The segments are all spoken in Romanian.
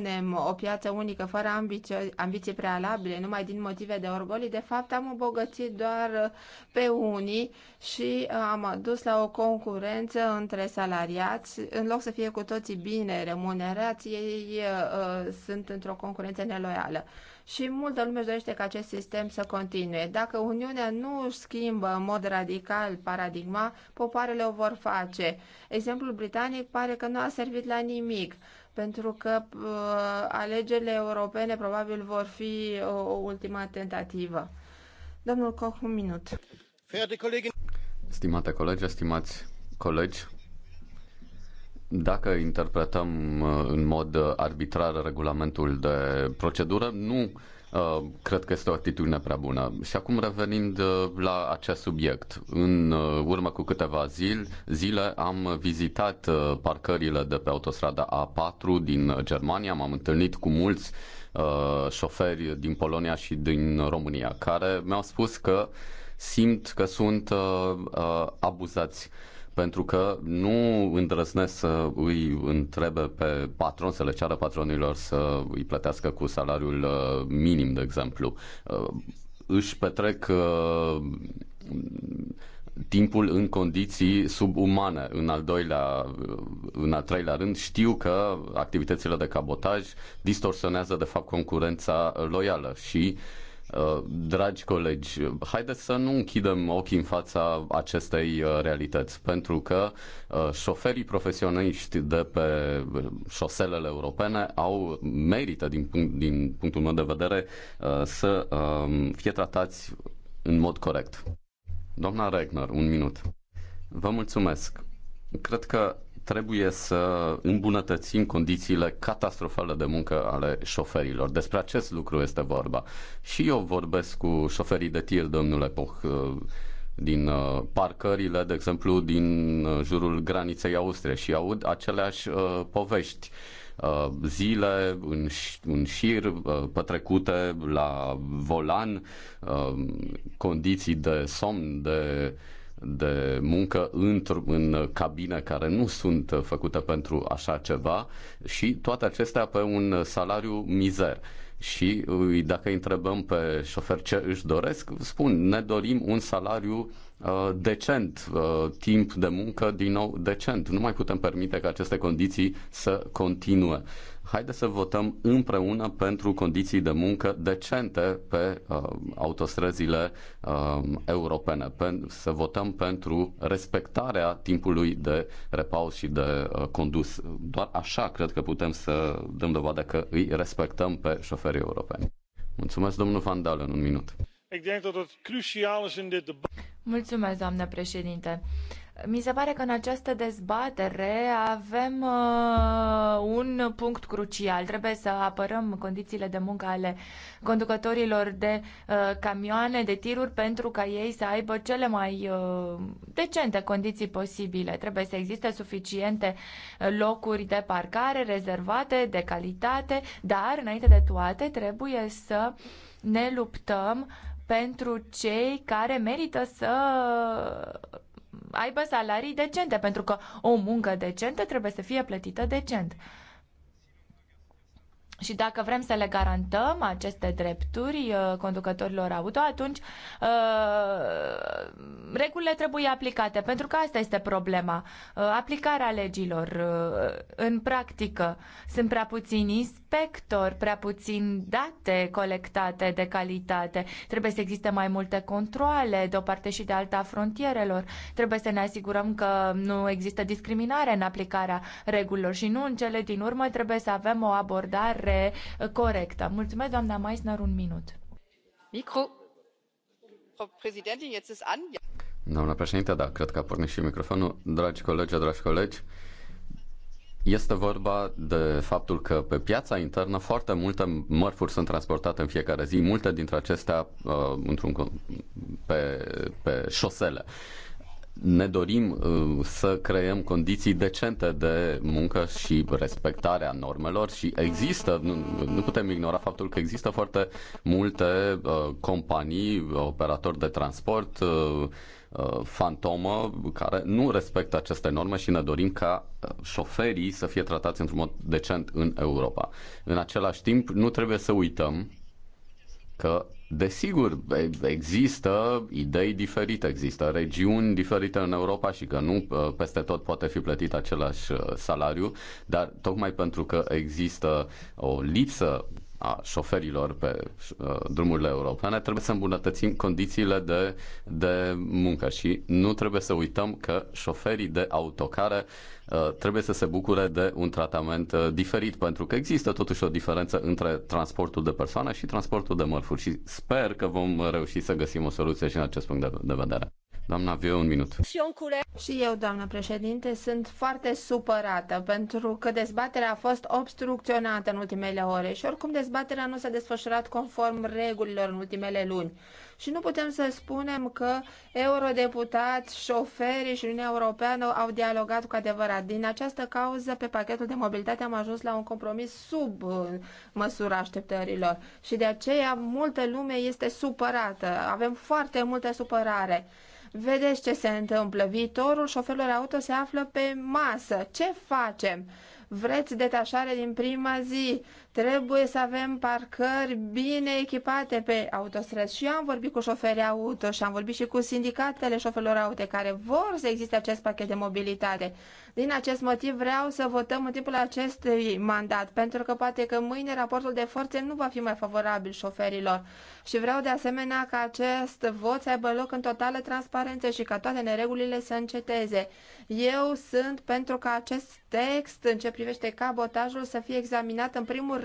spunem o piață unică fără ambiție, ambiții prealabile, numai din motive de orgolii, de fapt am îmbogățit doar pe unii și uh, am dus la o concurență între salariați. În loc să fie cu toții bine remunerați, ei uh, sunt într-o concurență neloială. Și multă lume își dorește ca acest sistem să continue. Dacă Uniunea nu își schimbă în mod radical paradigma, popoarele o vor face. Exemplul britanic pare că nu a servit la nimic pentru că uh, alegerile europene probabil vor fi uh, o ultima tentativă. Domnul Koch, un minut. Stimate colegi, stimați colegi, dacă interpretăm uh, în mod arbitrar regulamentul de procedură, nu Uh, cred că este o atitudine prea bună. Și acum revenind uh, la acest subiect, în uh, urmă cu câteva zile, zile am vizitat parcările de pe autostrada A4 din Germania, m-am întâlnit cu mulți șoferi din Polonia și din România care mi-au spus că simt că sunt abuzați pentru că nu îndrăznesc să îi întrebe pe patron, să le ceară patronilor să îi plătească cu salariul uh, minim, de exemplu. Uh, își petrec uh, timpul în condiții subumane. În al doilea, în al treilea rând, știu că activitățile de cabotaj distorsionează de fapt concurența loială și uh, Uh, dragi colegi, haideți să nu închidem ochii în fața acestei uh, realități, pentru că uh, șoferii profesioniști de pe șoselele europene au merită, din, punct, din punctul meu de vedere, să um, fie tratați în mod corect. Doamna Regner, un minut. Vă mulțumesc. Cred că trebuie să îmbunătățim condițiile catastrofale de muncă ale șoferilor. Despre acest lucru este vorba. Și eu vorbesc cu șoferii de tir, domnule Poch, uh, din uh, parcările, de exemplu, din uh, jurul graniței Austriei și aud aceleași povești zile în, în șir pătrecute la volan, condiții de somn, de de muncă într- în cabine care nu sunt făcute pentru așa ceva și toate acestea pe un salariu mizer. Și dacă întrebăm pe șofer ce își doresc, spun, ne dorim un salariu uh, decent, uh, timp de muncă din nou decent. Nu mai putem permite ca aceste condiții să continue. Haide să votăm împreună pentru condiții de muncă decente pe uh, autostrăzile uh, europene, pe, să votăm pentru respectarea timpului de repaus și de uh, condus. Doar așa cred că putem să dăm dovadă că îi respectăm pe șoferii europeni. Mulțumesc, domnul Van Dalen, un minut. Mulțumesc, doamnă președinte. Mi se pare că în această dezbatere avem uh, un punct crucial. Trebuie să apărăm condițiile de muncă ale conducătorilor de uh, camioane, de tiruri, pentru ca ei să aibă cele mai uh, decente condiții posibile. Trebuie să existe suficiente uh, locuri de parcare rezervate, de calitate, dar, înainte de toate, trebuie să ne luptăm pentru cei care merită să aibă salarii decente, pentru că o muncă decentă trebuie să fie plătită decent. Și dacă vrem să le garantăm aceste drepturi uh, conducătorilor auto, atunci uh, regulile trebuie aplicate, pentru că asta este problema. Uh, aplicarea legilor în practică. Sunt prea puțini inspectori, prea puțini date colectate de calitate. Trebuie să existe mai multe controle de o parte și de alta a frontierelor. Trebuie să ne asigurăm că nu există discriminare în aplicarea regulilor și nu în cele din urmă trebuie să avem o abordare corectă. Mulțumesc, doamna Meisner, un minut. Micro. Doamna președinte, da, cred că a pornit și microfonul. Dragi colegi, dragi colegi, este vorba de faptul că pe piața internă foarte multe mărfuri sunt transportate în fiecare zi, multe dintre acestea uh, într-un, pe, pe șosele. Uh, ne dorim uh, să creăm condiții decente de muncă și respectarea normelor și există, nu, putem ignora faptul că există foarte multe uh, companii, operatori de transport, uh, fantomă care nu respectă aceste norme și ne dorim ca șoferii să fie tratați într-un mod decent în Europa. În același timp, nu trebuie să uităm că Desigur, există idei diferite, există regiuni diferite în Europa și că nu uh, peste tot poate fi plătit același uh, salariu, dar tocmai pentru că există o lipsă a șoferilor pe uh, drumurile europene, trebuie să îmbunătățim condițiile de, de muncă și nu trebuie să uităm că șoferii de autocare uh, trebuie să se bucure de un tratament uh, diferit, pentru că există totuși o diferență între transportul de persoane și transportul de mărfuri și sper că vom reuși să găsim o soluție și în acest punct de, de vedere. Doamna Viu, un minut. Și eu, doamnă președinte, sunt foarte supărată pentru că dezbaterea a fost obstrucționată în ultimele ore și oricum dezbaterea nu s-a desfășurat conform regulilor în ultimele luni. Și nu putem să spunem că eurodeputați, șoferii și Uniunea Europeană au dialogat cu adevărat. Din această cauză, pe pachetul de mobilitate am ajuns la un compromis sub uh, măsura așteptărilor. Și de aceea multă lume este supărată. Avem foarte multă supărare. Vedeți ce se întâmplă. Viitorul șoferilor auto se află pe masă. Ce facem? Vreți detașare din prima zi? Trebuie să avem parcări bine echipate pe autostrăzi. Și eu am vorbit cu șoferii auto și am vorbit și cu sindicatele șoferilor auto care vor să existe acest pachet de mobilitate. Din acest motiv vreau să votăm în timpul acestui mandat, pentru că poate că mâine raportul de forțe nu va fi mai favorabil șoferilor. Și vreau de asemenea ca acest vot să aibă loc în totală transparență și ca toate neregulile să înceteze. Eu sunt pentru ca acest text în ce privește cabotajul să fie examinat în primul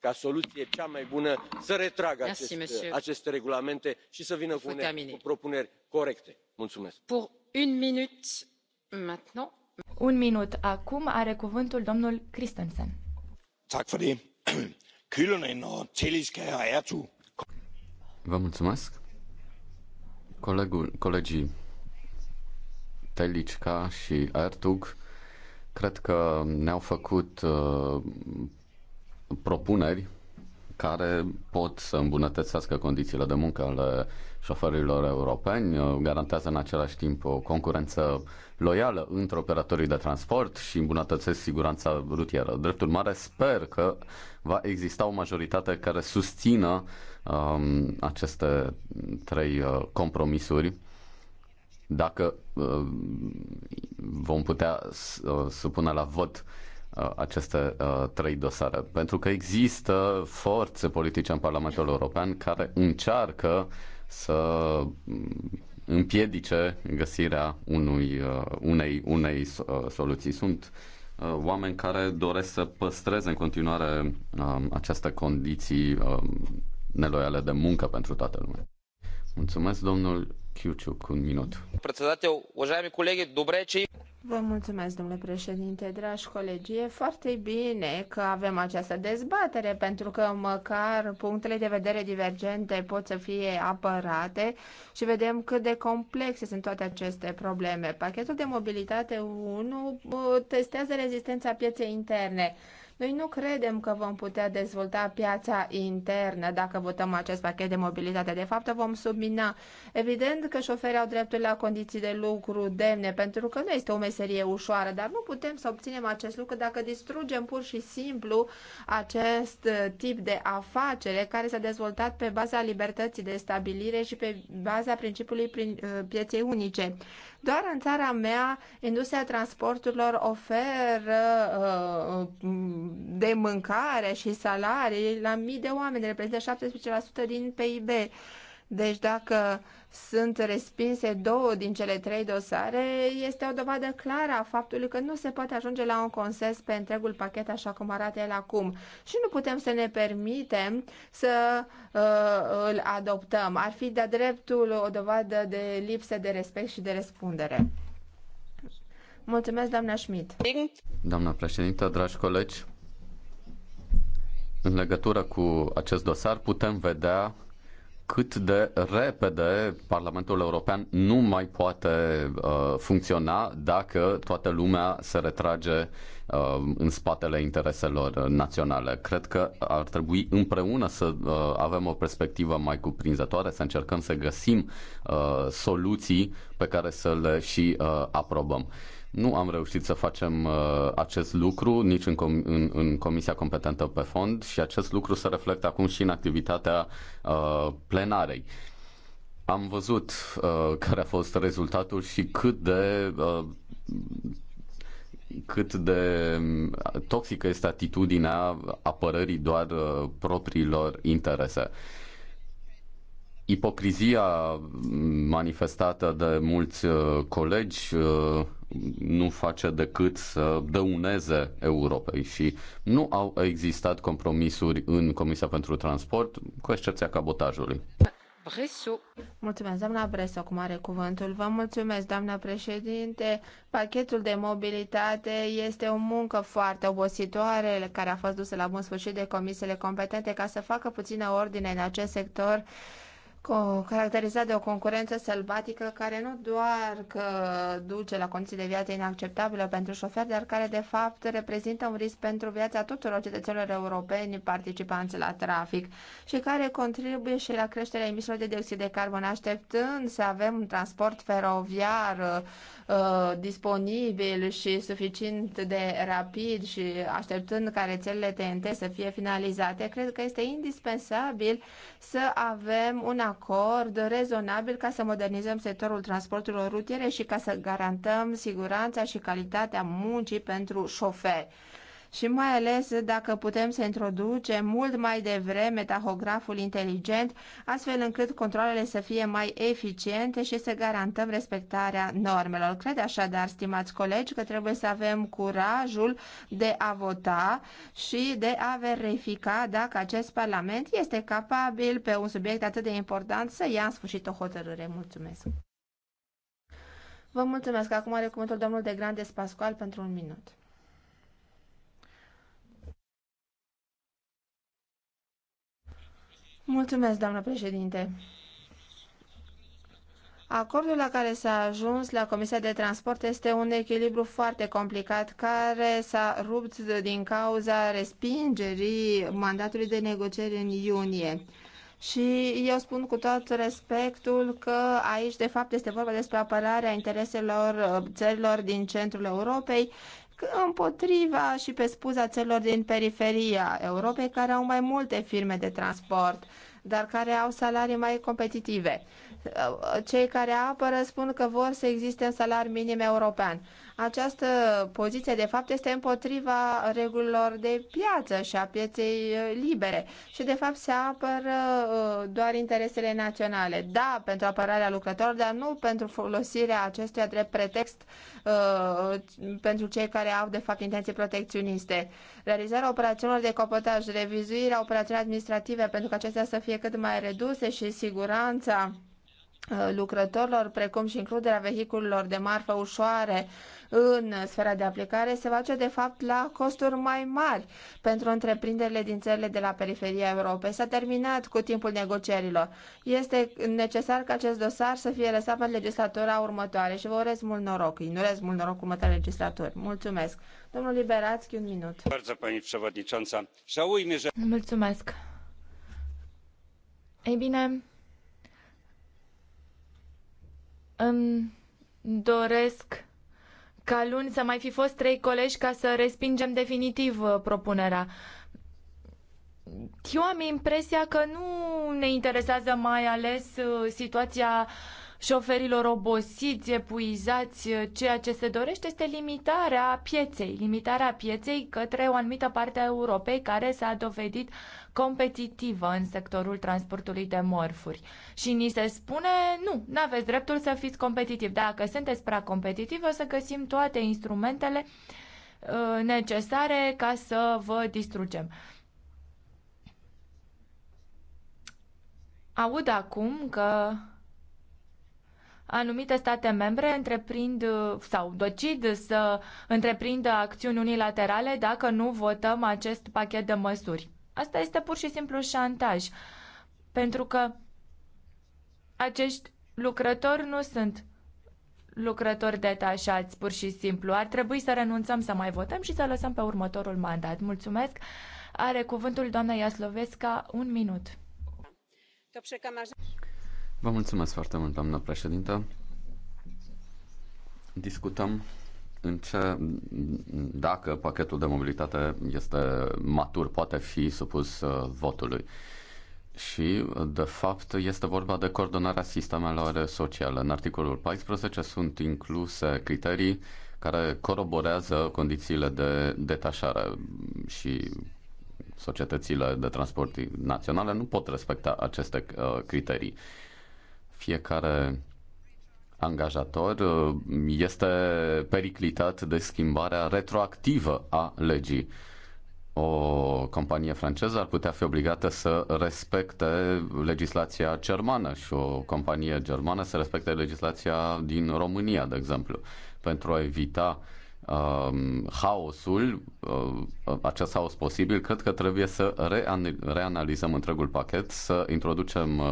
ca soluție cea mai bună să retragă aceste regulamente și să vină cu propuneri corecte. mulțumesc. un minut acum are cuvântul domnul christensen. vă mulțumesc. Colegul, colegii Telicca și Ertug cred că ne-au făcut uh, propuneri care pot să îmbunătățească condițiile de muncă ale șoferilor europeni, uh, garantează în același timp o concurență loială între operatorii de transport și îmbunătățesc siguranța rutieră. Drept urmare, sper că va exista o majoritate care susțină um, aceste trei uh, compromisuri dacă uh, vom putea uh, supune la vot uh, Uh, aceste uh, trei dosare. Pentru că există forțe politice în Parlamentul European care încearcă să mm, împiedice găsirea unui, uh, unei, unei soluții. Sunt oameni care doresc să păstreze în continuare um, aceste condiții um, neloiale de muncă pentru toată lumea. Mulțumesc, domnul cu un minut. Președinte, уважаеми колеги, добре, Vă mulțumesc, domnule președinte, dragi colegi. E foarte bine că avem această dezbatere, pentru că măcar punctele de vedere divergente pot să fie apărate și vedem cât de complexe sunt toate aceste probleme. Pachetul de mobilitate 1 uh, testează rezistența pieței interne noi nu credem că vom putea dezvolta piața internă dacă votăm acest pachet de mobilitate. De fapt, vom submina. Evident că șoferii au dreptul la condiții de lucru demne, pentru că nu este o meserie ușoară, dar nu putem să obținem acest lucru dacă distrugem pur și simplu acest uh, tip de afacere care s-a dezvoltat pe baza libertății de stabilire și pe baza principiului prin, uh, pieței unice. Doar în țara mea, industria transporturilor oferă uh, de mâncare și salarii la mii de oameni, reprezintă 17% din PIB. Deci dacă uh, sunt respinse două din cele trei dosare, este o dovadă clară a faptului că nu se poate ajunge la un consens pe întregul pachet așa cum arată el acum. Și nu putem să ne permitem să uh, îl adoptăm. Ar fi de dreptul o dovadă de lipsă de respect și de răspundere. Mulțumesc, doamna Schmidt. Doamna președintă, dragi colegi, în legătură cu acest dosar putem vedea cât de repede Parlamentul European nu mai poate uh, funcționa dacă toată lumea se retrage Uh, în spatele intereselor naționale. Cred că ar trebui împreună să uh, avem o perspectivă mai cuprinzătoare, să încercăm să găsim uh, soluții pe care să le și aprobăm. Nu am reușit să facem uh, acest lucru nici în, com- în, în Comisia Competentă pe Fond și acest lucru se reflectă acum și în activitatea uh, plenarei. Am văzut uh, care a fost rezultatul și cât de uh, cât de toxică este atitudinea apărării doar uh, propriilor interese. Ipocrizia manifestată de mulți uh, colegi uh, nu face decât să dăuneze Europei și nu au existat compromisuri în Comisia pentru Transport, cu excepția cabotajului. Bresso. Mulțumesc, doamna Bresso, cum are cuvântul. Vă mulțumesc, doamna președinte. Pachetul de mobilitate este o muncă foarte obositoare care a fost dusă la bun sfârșit de comisiile competente ca să facă puțină ordine în acest sector caracterizat de o concurență sălbatică care nu doar că duce la condiții de viață inacceptabile pentru șoferi, dar care de fapt reprezintă un risc pentru viața tuturor cetățenilor europeni participanți la trafic și care contribuie și la creșterea emisiilor de dioxid de carbon, așteptând să avem un transport feroviar uh, disponibil și suficient de rapid și așteptând ca rețelele TNT să fie finalizate, cred că este indispensabil să avem un acord rezonabil ca să modernizăm sectorul transporturilor rutiere și ca să garantăm siguranța și calitatea muncii pentru șoferi și mai ales dacă putem să introducem mult mai devreme tahograful inteligent, astfel încât controlele să fie mai eficiente și să garantăm respectarea normelor. Cred așadar, stimați colegi, că trebuie să avem curajul de a vota și de a verifica dacă acest Parlament este capabil pe un subiect atât de important să ia în sfârșit o hotărâre. Mulțumesc! Vă mulțumesc. Acum are cuvântul domnul de Grande Spascual pentru un minut. Mulțumesc, doamnă președinte. Acordul la care s-a ajuns la Comisia de Transport este un echilibru foarte complicat care s-a rupt din cauza respingerii mandatului de negocieri în iunie. Și eu spun cu tot respectul că aici, de fapt, este vorba despre apărarea intereselor țărilor din centrul Europei împotriva și pe spuza celor din periferia Europei care au mai multe firme de transport dar care au salarii mai competitive. Cei care apără spun că vor să existe un salariu minim european această poziție de fapt este împotriva regulilor de piață și a pieței uh, libere și de fapt se apără uh, doar interesele naționale. Da, pentru apărarea lucrătorilor, dar nu pentru folosirea acestuia drept pretext uh, pentru cei care au de fapt intenții protecționiste. Realizarea operațiunilor de copotaj, revizuirea operațiunilor administrative pentru că acestea să fie cât mai reduse și siguranța uh, lucrătorilor, precum și includerea vehiculelor de marfă ușoare în sfera de aplicare se face de fapt la costuri mai mari pentru întreprinderile din țările de la periferia Europei. S-a terminat cu timpul negocierilor. Este necesar ca acest dosar să fie lăsat pe legislatura următoare și vă urez mult noroc. Îi urez mult noroc cu următoarea legislatori. Mulțumesc. Domnul Liberațchi, un minut. Mulțumesc. Ei bine, îmi doresc ca luni să mai fi fost trei colegi ca să respingem definitiv uh, propunerea. Eu am impresia că nu ne interesează mai ales uh, situația uh, șoferilor obosiți, epuizați, ceea ce se dorește este limitarea pieței, limitarea pieței către o anumită parte a Europei care s-a dovedit competitivă în sectorul transportului de morfuri. Și ni se spune, nu, nu aveți dreptul să fiți competitiv. Dacă sunteți prea competitivi, o să găsim toate instrumentele uh, necesare ca să vă distrugem. Aud acum că anumite state membre întreprind sau decid să întreprindă acțiuni unilaterale dacă nu votăm acest pachet de măsuri. Asta este pur și simplu șantaj, pentru că acești lucrători nu sunt lucrători detașați, pur și simplu. Ar trebui să renunțăm să mai votăm și să lăsăm pe următorul mandat. Mulțumesc. Are cuvântul doamna Iaslovesca un minut. Vă mulțumesc foarte mult, doamnă președintă. Discutăm în ce, dacă pachetul de mobilitate este matur, poate fi supus uh, votului. Și, de fapt, este vorba de coordonarea sistemelor sociale. În articolul 14 sunt incluse criterii care coroborează condițiile de detașare și societățile de transport naționale nu pot respecta aceste uh, criterii. Fiecare angajator uh, este periclitat de schimbarea retroactivă a legii. O companie franceză ar putea fi obligată să respecte legislația germană și o companie germană să respecte legislația din România, de exemplu, pentru a evita uh, uh, haosul, uh, acest haos posibil, cred că trebuie să reanalizăm întregul pachet, să introducem uh,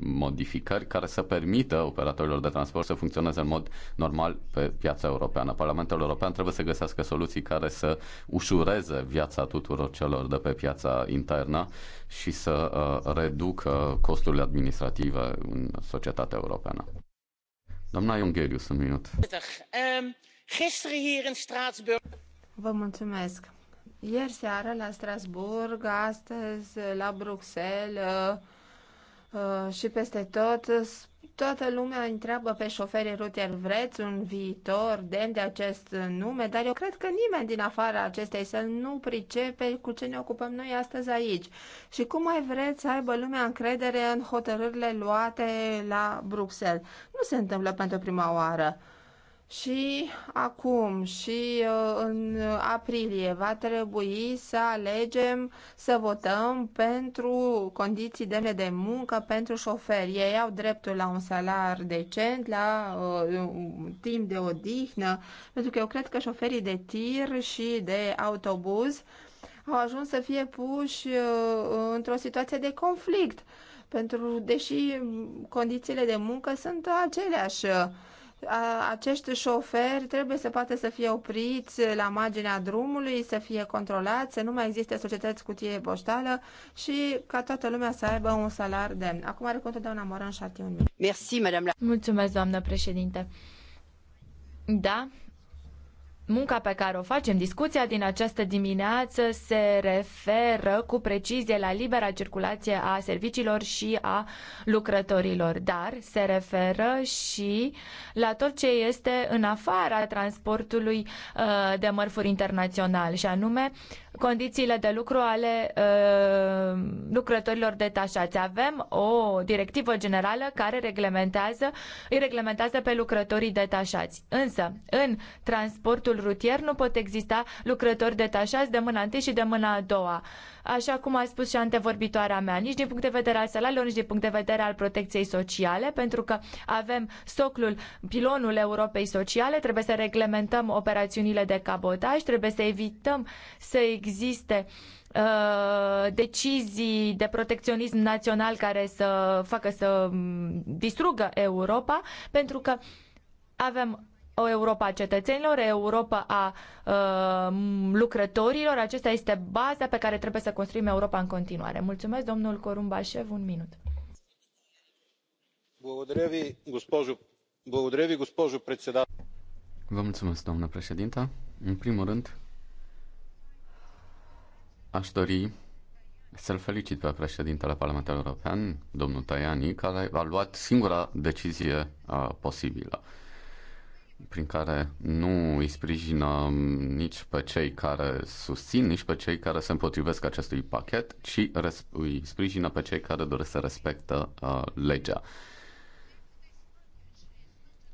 modificări care să permită operatorilor de transport să funcționeze în mod normal pe piața europeană. Parlamentul European trebuie să găsească soluții care să ușureze viața tuturor celor de pe piața internă și să uh, reducă costurile administrative în societatea europeană. Doamna Iungherius, un minut. Um Vă mulțumesc. Ieri seară la Strasburg, astăzi la Bruxelles uh, și peste tot, toată lumea întreabă pe șoferii rutier, vreți un viitor demn de acest nume? Dar eu cred că nimeni din afara acestei să nu pricepe cu ce ne ocupăm noi astăzi aici. Și cum mai vreți să aibă lumea încredere în hotărârile luate la Bruxelles? Nu se întâmplă pentru prima oară. Și acum și uh, în aprilie va trebui să alegem să votăm pentru condiții demne de muncă pentru șoferi. Ei au dreptul la un salar decent, la uh, un timp de odihnă, pentru că eu cred că șoferii de tir și de autobuz au ajuns să fie puși uh, într-o situație de conflict, pentru deși condițiile de muncă sunt aceleași. Uh, acești șoferi trebuie să poată să fie opriți la marginea drumului, să fie controlați, să nu mai existe societăți cutie poștală și ca toată lumea să aibă un salar demn. Acum are contul doamna Moran Șatiu. Mulțumesc, doamnă președinte. Da, Munca pe care o facem, discuția din această dimineață se referă cu precizie la libera circulație a serviciilor și a lucrătorilor, dar se referă și la tot ce este în afara transportului uh, de mărfuri internațional, și anume condițiile de lucru ale uh, lucrătorilor detașați. Avem o directivă generală care reglementează, îi reglementează pe lucrătorii detașați. Însă, în transportul rutier nu pot exista lucrători detașați de mâna întâi și de mâna a doua. Uh, așa cum a spus și antevorbitoarea mea, nici din punct de vedere al salariilor, nici din punct de vedere al protecției sociale, pentru că avem soclul, pilonul Europei Sociale, trebuie să reglementăm operațiunile de cabotaj, trebuie să evităm să existe uh, decizii de protecționism național care să facă să mm, distrugă Europa, pentru că avem o Europa a cetățenilor, o Europa a uh, lucrătorilor. Acesta este baza pe care trebuie să construim Europa în continuare. Mulțumesc, domnul Corumbașev, un minut. Vă mulțumesc, doamnă președintă. În primul rând, aș dori să-l felicit pe președintele Parlamentului European, domnul Tajani, care a luat singura decizie uh, posibilă prin care nu îi sprijină nici pe cei care susțin, nici pe cei care se împotrivesc acestui pachet, ci îi sprijină pe cei care doresc să respectă uh, legea.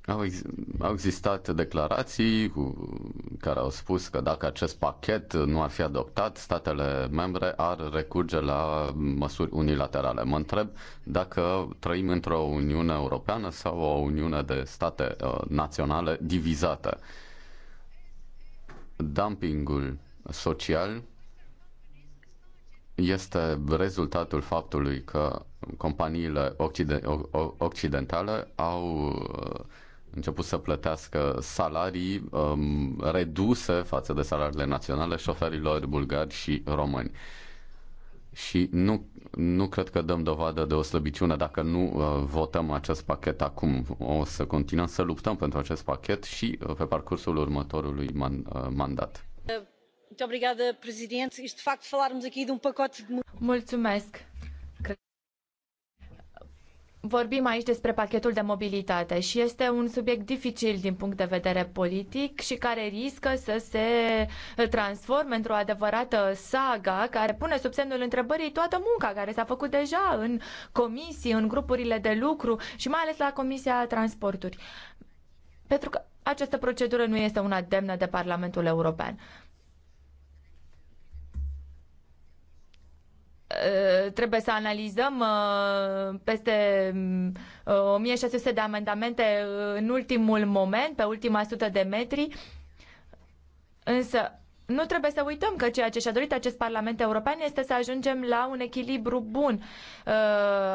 Au, ex- au existat declarații cu, care au spus că dacă acest pachet nu ar fi adoptat, statele membre ar recurge la măsuri unilaterale. Mă întreb dacă trăim într-o Uniune Europeană sau o Uniune de state uh, naționale divizată. Dumpingul social este rezultatul faptului că companiile occide- occidentale au uh, început să plătească salarii um, reduse față de salariile naționale șoferilor bulgari și români. Și nu, nu cred că dăm dovadă de o slăbiciune dacă nu uh, votăm acest pachet acum. O să continuăm să luptăm pentru acest pachet și uh, pe parcursul următorului man, uh, mandat. Um Mulțumesc. Vorbim aici despre pachetul de mobilitate și este un subiect dificil din punct de vedere politic și care riscă să se transforme într-o adevărată saga care pune sub semnul întrebării toată munca care s-a făcut deja în comisii, în grupurile de lucru și mai ales la Comisia Transporturi. Pentru că această procedură nu este una demnă de Parlamentul European. Uh, trebuie să analizăm uh, peste 1600 uh, de amendamente în ultimul moment, pe ultima sută de metri, însă nu trebuie să uităm că ceea ce și-a dorit acest Parlament European este să ajungem la un echilibru bun, uh,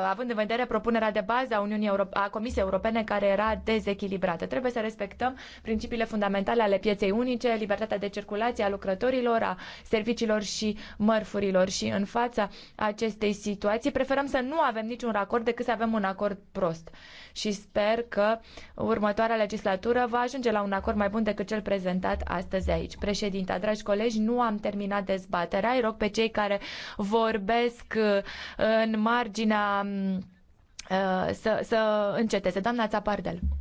având în vedere propunerea de bază a, Uniunii Euro- a Comisiei Europene care era dezechilibrată. Trebuie să respectăm principiile fundamentale ale pieței unice, libertatea de circulație a lucrătorilor, a serviciilor și mărfurilor și în fața acestei situații preferăm să nu avem niciun acord decât să avem un acord prost. Și sper că următoarea legislatură va ajunge la un acord mai bun decât cel prezentat astăzi aici. Președinta, dragi dragi colegi, nu am terminat dezbaterea. Îi rog pe cei care vorbesc uh, în marginea mm, uh, să, să înceteze. Doamna Țapardel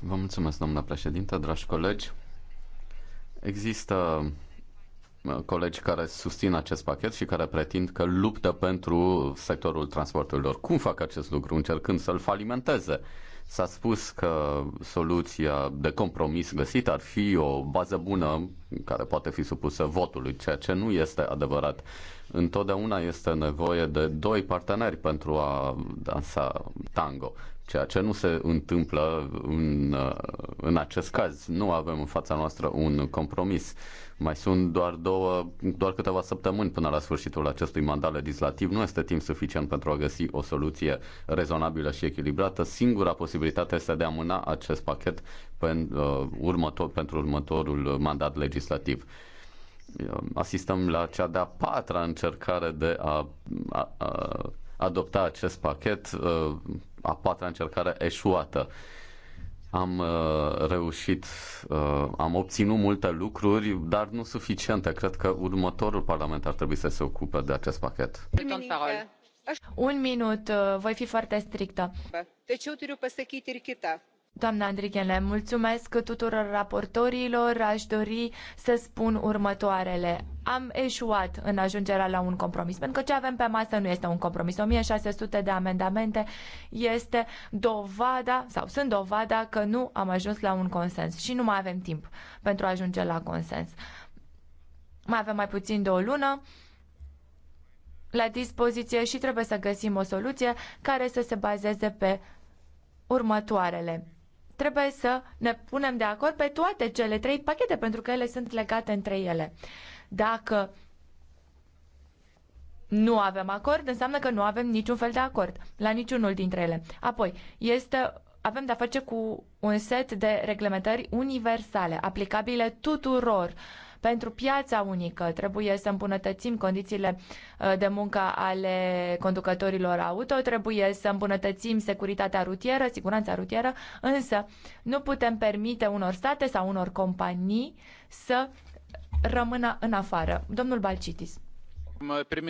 Vă mulțumesc, doamna președintă, dragi colegi. Există colegi care susțin acest pachet și care pretind că luptă pentru sectorul transporturilor. Cum fac acest lucru? Încercând să-l falimenteze. S-a spus că soluția de compromis găsită ar fi o bază bună care poate fi supusă votului, ceea ce nu este adevărat. Întotdeauna este nevoie de doi parteneri pentru a dansa tango ceea ce nu se întâmplă în, uh, în acest caz. Nu avem în fața noastră un compromis. Mai sunt doar, două, doar câteva săptămâni până la sfârșitul acestui mandat legislativ. Nu este timp suficient pentru a găsi o soluție rezonabilă și echilibrată. Singura posibilitate este de a amâna acest pachet pentru, uh, următor, pentru următorul mandat legislativ uh, asistăm la cea de-a patra încercare de a, a, a adopta acest pachet a patra încercare eșuată. Am uh, reușit, uh, am obținut multe lucruri, dar nu suficiente. Cred că următorul parlament ar trebui să se ocupe de acest pachet. Un minut, uh, voi fi foarte strictă. Tačiau turiu pasakyti ir Doamna Andrighele, mulțumesc tuturor raportorilor. Aș dori să spun următoarele. Am eșuat în ajungerea la un compromis, pentru că ce avem pe masă nu este un compromis. 1600 de amendamente este dovada, sau sunt dovada că nu am ajuns la un consens și nu mai avem timp pentru a ajunge la consens. Mai avem mai puțin de o lună la dispoziție și trebuie să găsim o soluție care să se bazeze pe următoarele trebuie să ne punem de acord pe toate cele trei pachete, pentru că ele sunt legate între ele. Dacă nu avem acord, înseamnă că nu avem niciun fel de acord la niciunul dintre ele. Apoi, este, avem de-a face cu un set de reglementări universale, aplicabile tuturor uh, pentru piața unică. Trebuie să îmbunătățim condițiile uh, de muncă ale conducătorilor auto, trebuie să îmbunătățim securitatea rutieră, siguranța rutieră, însă nu putem permite unor state sau unor companii să rămână în afară. Domnul Balcitis.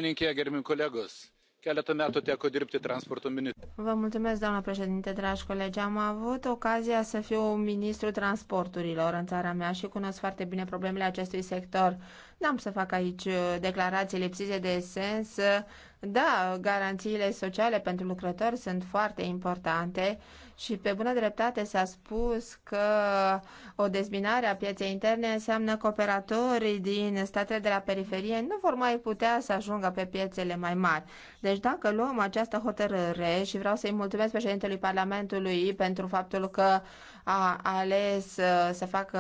încheia, Germin colegos. Vă mulțumesc, doamnă președinte, dragi colegi. Am avut ocazia să fiu ministru transporturilor în țara mea și cunosc foarte bine problemele acestui sector. N-am să fac aici uh, declarații lipsite de sens uh, da, garanțiile sociale pentru lucrători sunt foarte importante și pe bună dreptate s-a spus că o dezbinare a pieței interne înseamnă că operatorii din statele de la periferie nu vor mai putea să ajungă pe piețele mai mari. Deci dacă luăm această hotărâre și vreau să-i mulțumesc președintelui Parlamentului pentru faptul că a ales uh, să facă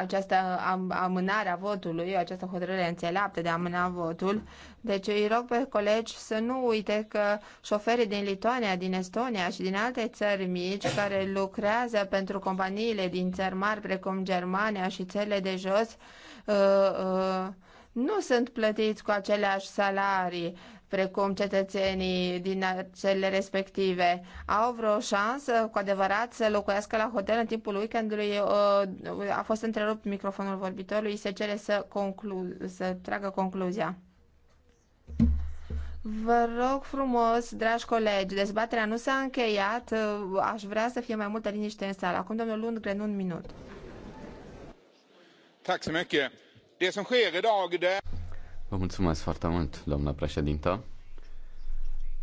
această am, amânare a votului, această hotărâre înțeleaptă de a amâna votul. Deci îi rog pe colegi să nu uite că șoferii din Lituania, din Estonia și din alte țări mici care lucrează pentru companiile din țări mari precum Germania și țările de jos, uh, uh, nu sunt plătiți cu aceleași salarii precum cetățenii din cele respective, au vreo șansă cu adevărat să locuiască la hotel în timpul weekendului? Ă, a fost întrerupt microfonul vorbitorului, se cere să, conclu- să tragă concluzia. Vă rog frumos, dragi colegi, dezbaterea nu s-a încheiat. Aș vrea să fie mai multă liniște în sală. Acum, domnul Lundgren, un minut. Tack så mycket. Det som sker idag, det... Vă mulțumesc foarte mult, doamna președintă.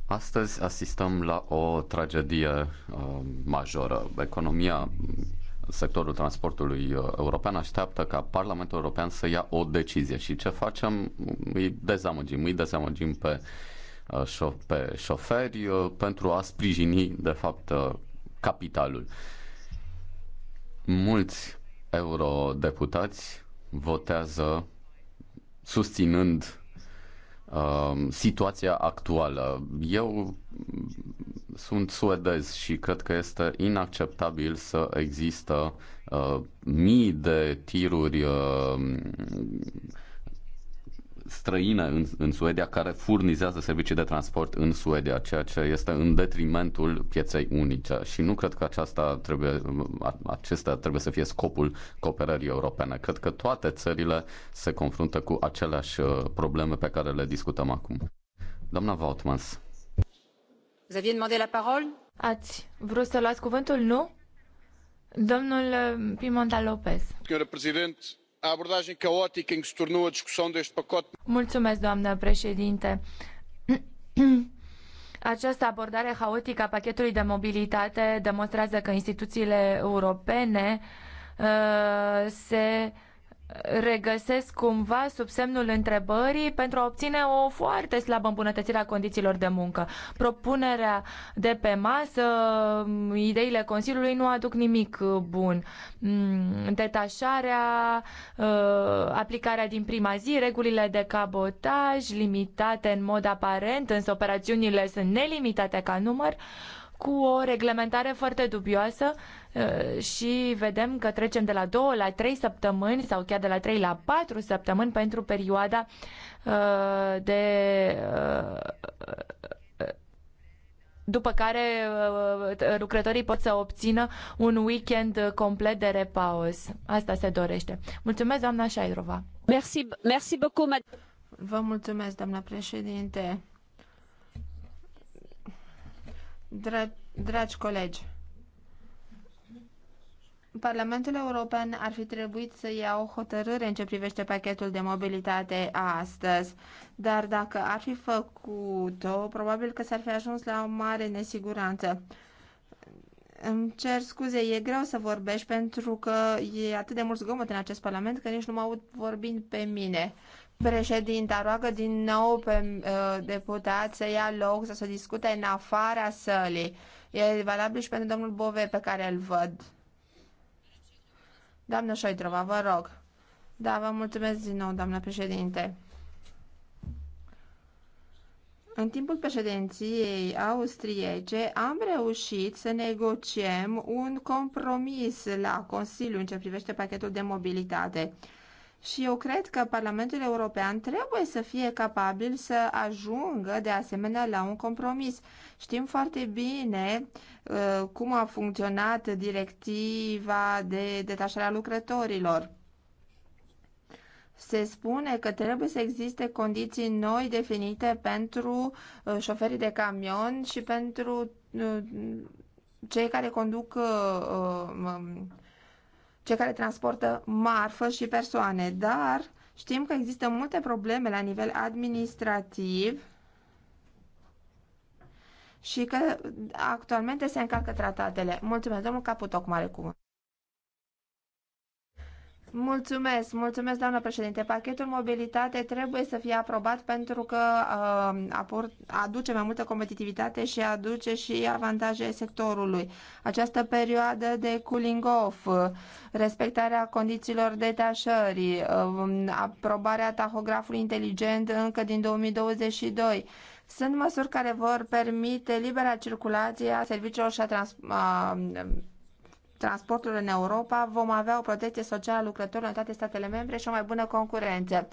Astăzi asistăm la o tragedie uh, majoră. Economia, sectorul transportului uh, european așteaptă ca Parlamentul European să ia o decizie și ce facem? Îi dezamăgim, îi dezamăgim pe, uh, pe șoferi uh, pentru a sprijini, de fapt, uh, capitalul. Mulți eurodeputați votează susținând uh, situația actuală. Eu sunt suedez și cred că este inacceptabil să există uh, mii de tiruri uh, Străină în, în Suedia care furnizează servicii de transport în Suedia, ceea ce este în detrimentul pieței unice. Și nu cred că aceasta trebuie, acesta trebuie să fie scopul cooperării europene. Cred că toate țările se confruntă cu aceleași uh, probleme pe care le discutăm acum. Doamna Vautmans. la Ați vrut să luați cuvântul, nu? Domnul uh, Pimonta Lopez. Domnule președinte, abordagem caótica em que se tornou a discussão deste pacote. Mulțumesc, doamnă președinte. Această abordare haotică a pachetului de mobilitate demonstrează că instituțiile europene uh, se regăsesc cumva sub semnul întrebării pentru a obține o foarte slabă îmbunătățire a condițiilor de muncă. Propunerea de pe masă, ideile Consiliului nu aduc nimic bun. Mm, detașarea, uh, aplicarea din prima zi, regulile de cabotaj limitate în mod aparent, însă operațiunile sunt nelimitate ca număr, cu o reglementare foarte dubioasă Eh, și vedem că trecem de la 2 la 3 săptămâni sau chiar de la 3 la 4 săptămâni pentru perioada eh, de eh, după care lucrătorii pot să obțină un weekend complet de repaus. Asta se dorește. Mulțumesc, doamna Șairova. Merci, merci beaucoup, Vă mulțumesc, doamna președinte. Dra- dragi colegi, Parlamentul European ar fi trebuit să ia o hotărâre în ce privește pachetul de mobilitate astăzi, dar dacă ar fi făcut-o, probabil că s-ar fi ajuns la o mare nesiguranță. Îmi cer scuze, e greu să vorbești pentru că e atât de mult zgomot în acest parlament că nici nu mă aud vorbind pe mine. Președinta roagă din nou pe uh, deputat să ia loc, să se discute în afara sălii. E valabil și pentru domnul Bove pe care îl văd. Doamnă Șoitrova, vă rog. Da, vă mulțumesc din nou, doamnă președinte. În timpul președinției austriece am reușit să negociem un compromis la Consiliu în ce privește pachetul de mobilitate. Și eu cred că Parlamentul European trebuie să fie capabil să ajungă de asemenea la un compromis. Știm foarte bine uh, cum a funcționat directiva de detașare a lucrătorilor. Se spune că trebuie să existe condiții noi definite pentru uh, șoferii de camion și pentru uh, cei care conduc uh, um, cei care transportă marfă și persoane, dar știm că există multe probleme la nivel administrativ și că actualmente se încarcă tratatele. Mulțumesc, domnul Caputoc, mare cuvânt. Mulțumesc, mulțumesc, doamnă președinte. Pachetul mobilitate trebuie să fie aprobat pentru că uh, aduce mai multă competitivitate și aduce și avantaje sectorului. Această perioadă de cooling off, respectarea condițiilor detașării, uh, aprobarea tahografului inteligent încă din 2022, sunt măsuri care vor permite libera circulație a serviciilor și a, trans- a transportul în Europa, vom avea o protecție socială a lucrătorilor în toate statele membre și o mai bună concurență.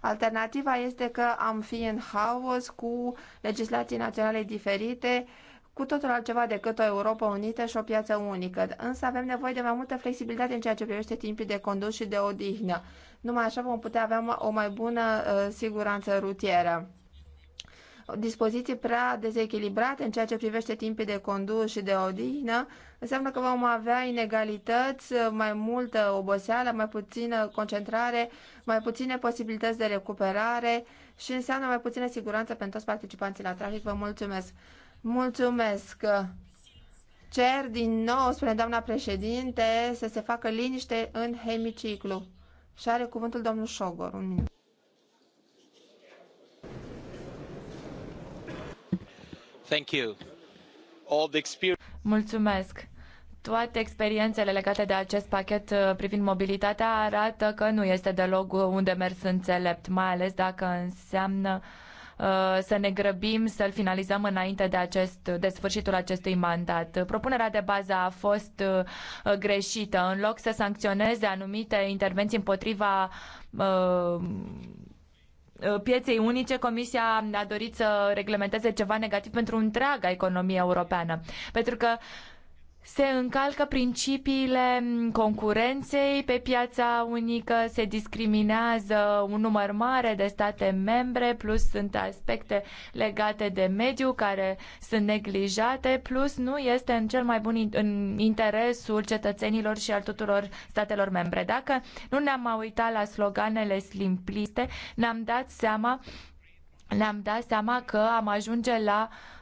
Alternativa este că am fi în haos cu legislații naționale diferite, cu totul altceva decât o Europa unită și o piață unică. Însă avem nevoie de mai multă flexibilitate în ceea ce privește timpii de condus și de odihnă. Numai așa vom putea avea o mai bună uh, siguranță rutieră dispoziții prea dezechilibrate în ceea ce privește timpii de condus și de odihnă, înseamnă că vom avea inegalități, mai multă oboseală, mai puțină concentrare, mai puține posibilități de recuperare și înseamnă mai puțină siguranță pentru toți participanții la trafic. Vă mulțumesc! Mulțumesc! Cer din nou, spune doamna președinte, să se facă liniște în hemiciclu. Și are cuvântul domnul Șogor. Un minut. Mulțumesc. Toate experiențele legate de acest pachet uh, privind mobilitatea arată că nu este deloc uh, un demers înțelept, mai ales dacă înseamnă uh, să ne grăbim să-l finalizăm înainte de, acest, de sfârșitul acestui mandat. Propunerea de bază a fost greșită. În loc să sancționeze anumite intervenții împotriva uh, Uh, pieței unice, Comisia a dorit să reglementeze ceva negativ pentru întreaga economie europeană. Pentru că se încalcă principiile concurenței pe piața unică, se discriminează un număr mare de state membre, plus sunt aspecte legate de mediu care sunt neglijate, plus nu este în cel mai bun în interesul cetățenilor și al tuturor statelor membre. Dacă nu ne-am uitat la sloganele simpliste, ne-am dat seama ne-am dat seama că am ajunge la uh,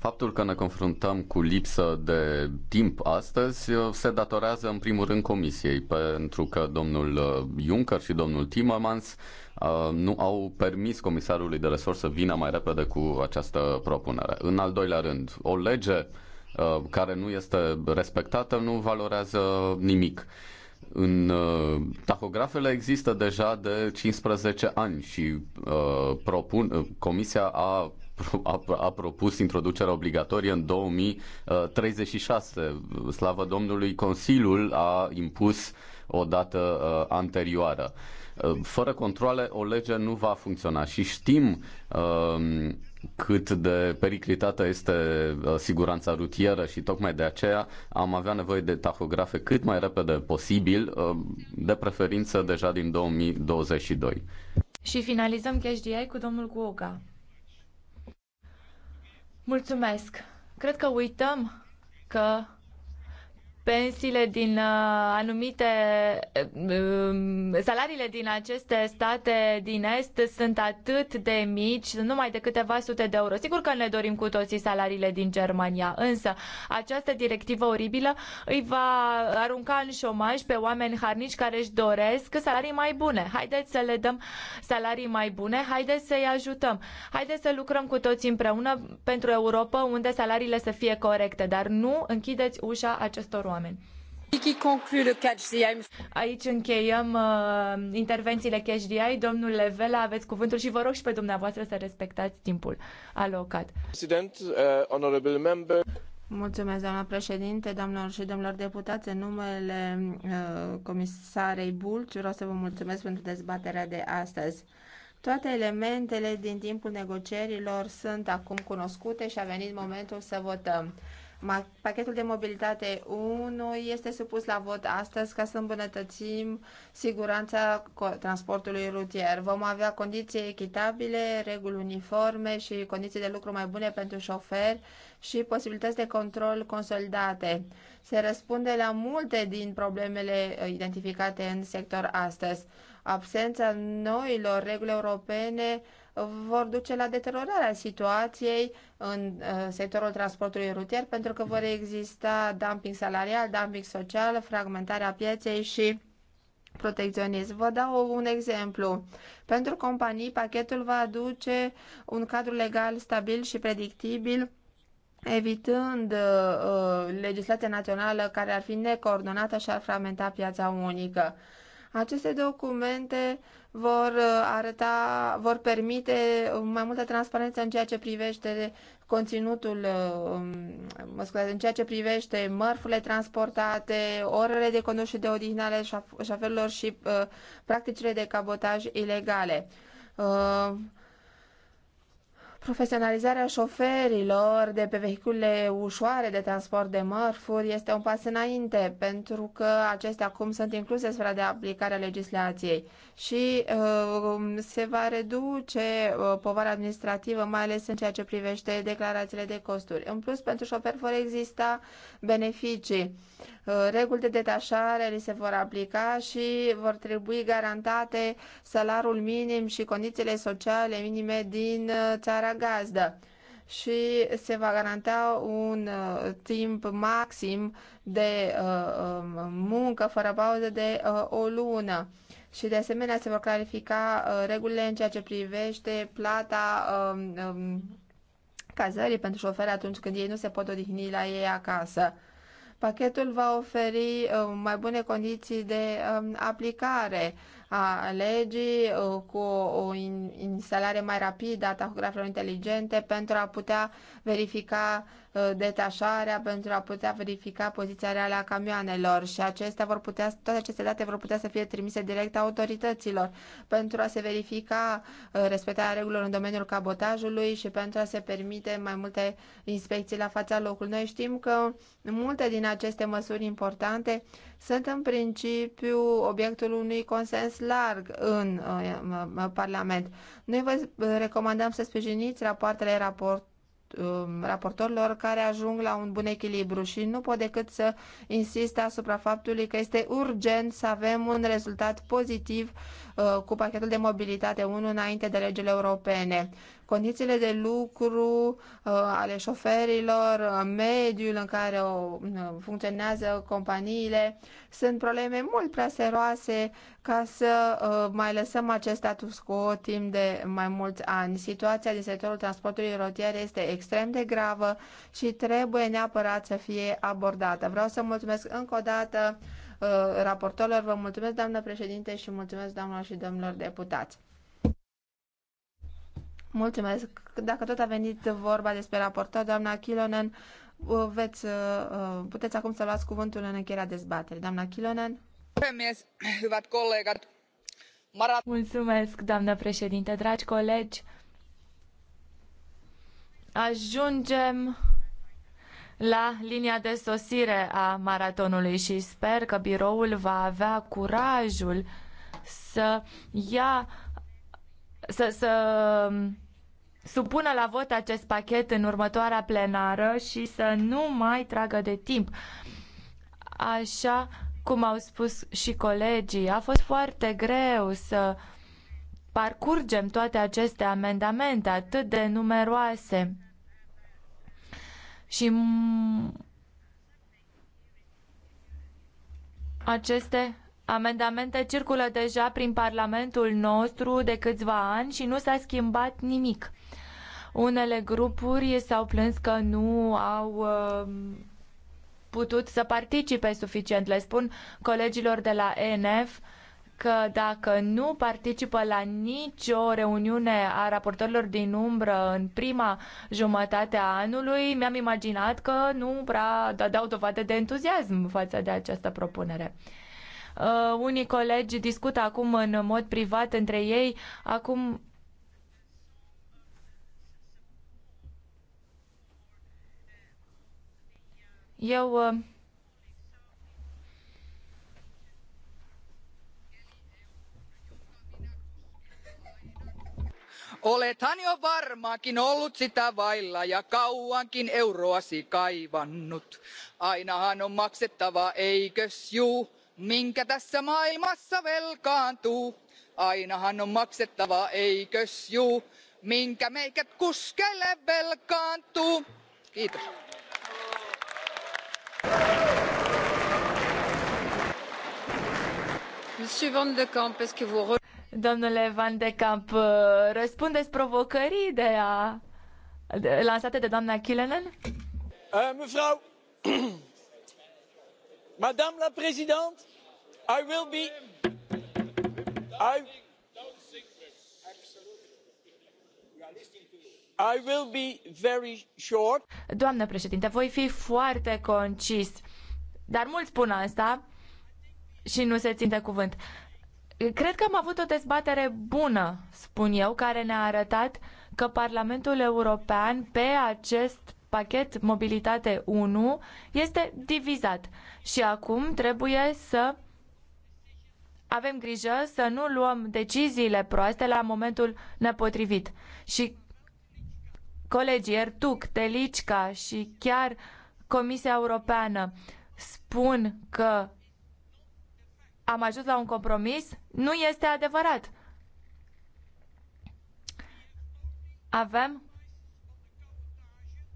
Faptul că ne confruntăm cu lipsă de timp astăzi uh, se datorează în primul rând Comisiei, pentru că domnul uh, Juncker și domnul Timmermans uh, nu au permis comisarului de resort să vină mai repede cu această propunere. În al doilea rând, o lege care nu este respectată nu valorează nimic în uh, tahografele există deja de 15 ani și uh, propun, uh, Comisia a a, a propus introducerea obligatorie în 2036. Slavă Domnului, Consiliul a impus o dată uh, anterioară. Uh, fără controle, o lege nu va funcționa și știm um, cât de periclitată este uh, siguranța rutieră și tocmai de aceea am avea nevoie de tahografe cât mai repede posibil, de preferință deja din 2022. Și finalizăm cash DI cu domnul Cuoga. Mulțumesc. Cred că uităm că pensiile din uh, anumite um, salariile din aceste state din est sunt atât de mici, numai de câteva sute de euro. Sigur că ne dorim cu toții salariile din Germania, însă această directivă oribilă îi va arunca în șomaj pe oameni harnici care își doresc salarii mai bune. Haideți să le dăm salarii mai bune, haideți să-i ajutăm. Haideți să lucrăm cu toți împreună pentru Europa unde salariile să fie corecte, dar nu închideți ușa acestor oameni oameni. Aici încheiem uh, intervențiile Cash DI. Domnule Vela, aveți cuvântul și vă rog și pe dumneavoastră să respectați timpul alocat. President, uh, member. Mulțumesc, doamna președinte, doamnelor și domnilor deputați. În numele uh, comisarei Bulci vreau să vă mulțumesc pentru dezbaterea de astăzi. Toate elementele din timpul negocierilor sunt acum cunoscute și a venit momentul să votăm. Pachetul de mobilitate 1 este supus la vot astăzi ca să îmbunătățim siguranța transportului rutier. Vom avea condiții echitabile, reguli uniforme și condiții de lucru mai bune pentru șoferi și posibilități de control consolidate. Se răspunde la multe din problemele uh, identificate în sector astăzi. Absența noilor reguli europene vor duce la deteriorarea situației în uh, sectorul transportului rutier pentru că vor exista dumping salarial, dumping social, fragmentarea pieței și protecționism. Vă dau un exemplu. Pentru companii, pachetul va aduce un cadru legal stabil și predictibil evitând uh, uh legislația națională care ar fi necoordonată și ar fragmenta piața unică. Aceste documente vor uh, arăta, vor permite uh, mai multă transparență în ceea ce privește conținutul, uh, um, mă scuze, în ceea ce privește mărfurile transportate, orele de condus și de odihnale șoferilor și practicile de cabotaj ilegale. Profesionalizarea șoferilor de pe vehiculele ușoare de transport de mărfuri este un pas înainte, pentru că acestea acum sunt incluse în sfera de aplicare a legislației și uh, se va reduce uh, povara administrativă, mai ales în ceea ce privește declarațiile de costuri. În plus, pentru șofer vor exista beneficii Uh, reguli de detașare li se vor aplica și vor trebui garantate salariul minim și condițiile sociale minime din uh, țara gazdă și se va garanta un uh, timp maxim de um, muncă fără pauză de o lună. Și de asemenea se vor clarifica regulile în ceea ce privește plata um, um, cazării pentru șoferi atunci când ei nu se pot odihni la ei acasă. Pachetul va oferi uh, mai bune condiții de um, aplicare a legii, uh, cu o instalare mai rapidă a tahografelor inteligente pentru a putea verifica uh, detașarea, pentru a putea verifica poziția reală a camioanelor și acestea vor putea, toate aceste date vor putea să fie trimise direct autorităților pentru a se verifica uh, respectarea regulilor în domeniul cabotajului și pentru a se permite mai multe inspecții la fața locului. Noi știm că multe din aceste măsuri importante sunt în principiu obiectul unui consens larg uh, în Parlament. Noi vă recomandăm să sprijiniți rapoartele raport um, raportorilor care ajung la un bun echilibru și nu pot decât să insist asupra faptului că este urgent să avem un rezultat pozitiv uh, cu pachetul de mobilitate 1 înainte de legile europene. Condițiile de lucru uh, ale șoferilor, uh, mediul în care uh, funcționează companiile sunt probleme mult prea serioase ca să mai lăsăm acest status quo timp de mai mulți ani. Situația din sectorul transportului rotier este extrem de gravă și trebuie neapărat să fie abordată. Vreau să mulțumesc încă o dată raportorilor, vă mulțumesc doamnă președinte și mulțumesc doamnelor și domnilor deputați. Mulțumesc. Dacă tot a venit vorba despre raportat, doamna Kilonen, uh, veți, uh, uh, puteți acum să luați cuvântul în încheierea dezbaterii. Doamna Kilonen. Mulțumesc, doamnă președinte, dragi colegi. Ajungem la linia de sosire a maratonului și sper că biroul va avea curajul să ia să, să um, supună la vot acest pachet în următoarea plenară și să nu mai tragă de timp. Așa cum au spus și colegii, a fost foarte greu să parcurgem toate aceste amendamente atât de numeroase. Și aceste Amendamente circulă deja prin Parlamentul nostru de câțiva ani și nu s-a schimbat nimic. Unele grupuri s-au plâns că nu au um, putut să participe suficient. Le spun colegilor de la ENF că dacă nu participă la nicio reuniune a raportorilor din umbră în prima jumătate a anului, mi-am imaginat că nu prea dădeau dovadă de entuziasm față de această propunere. Uh, unii colegi discută acum în mod privat între ei. Acum eu uh, olethan jo varmaakin ollut sitä vailla ja kauankin euroasi kaivannut. ainahan on maksettava eikös juu? minkä tässä maailmassa velkaantuu ainahan on maksettava eikös juu minkä meikät kuskeille velkaantuu. Kiitos. Domnule Van de Camp, răspundeți provocării de a... lansate de doamna Kilenen? Uh, mevrouw, madame la președintă Doamnă președinte, voi fi foarte concis. Dar mulți spun asta și nu se țin de cuvânt. Cred că am avut o dezbatere bună, spun eu, care ne-a arătat că Parlamentul European pe acest pachet Mobilitate 1 este divizat și acum trebuie să avem grijă să nu luăm deciziile proaste la momentul nepotrivit. Și colegii Ertuc, Telicca și chiar Comisia Europeană spun că am ajuns la un compromis, nu este adevărat. Avem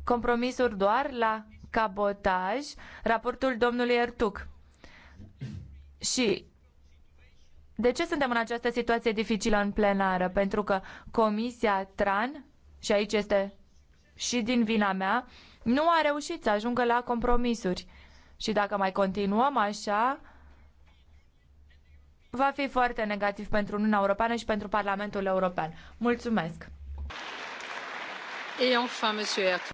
compromisuri doar la cabotaj, raportul domnului Ertuc. Și de ce suntem în această situație dificilă în plenară? Pentru că Comisia TRAN, și aici este și din vina mea, nu a reușit să ajungă la compromisuri. Și dacă mai continuăm așa, va fi foarte negativ pentru Uniunea Europeană și pentru Parlamentul European. Mulțumesc!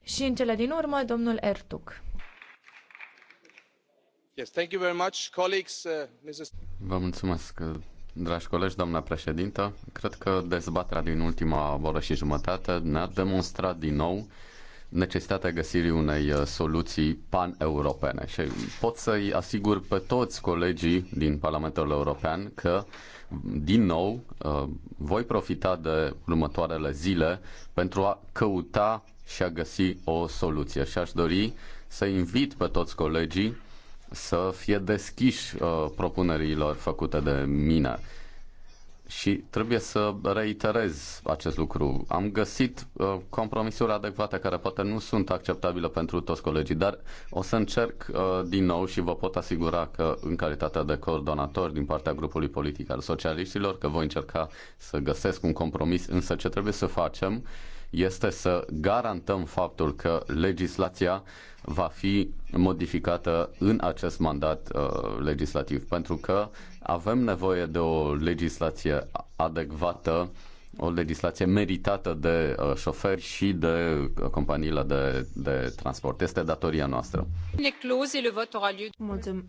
și în cele din urmă, domnul Ertug. Uh, Vă mulțumesc, Dragi colegi, doamna președintă, cred că dezbaterea din ultima oră și jumătate ne-a demonstrat din nou necesitatea găsirii unei uh, soluții pan-europene. Și pot să-i asigur pe toți colegii din Parlamentul European că, din nou, uh, voi profita de următoarele zile pentru a căuta și a găsi o soluție. Și aș dori să invit pe toți colegii să fie deschiși uh, propunerilor făcute de mine și trebuie să reiterez acest lucru. Am găsit uh, compromisuri adecvate care poate nu sunt acceptabile pentru toți colegii, dar o să încerc uh, din nou și vă pot asigura că în calitatea de coordonator din partea grupului politic al socialiștilor, că voi încerca să găsesc un compromis, însă ce trebuie să facem uh, este să garantăm faptul că legislația va fi modificată în acest mandat uh, legislativ, pentru că avem nevoie de o legislație adecvată, o legislație meritată de uh, șoferi și de uh, companiile de, de transport. Este datoria noastră. Mulțumim.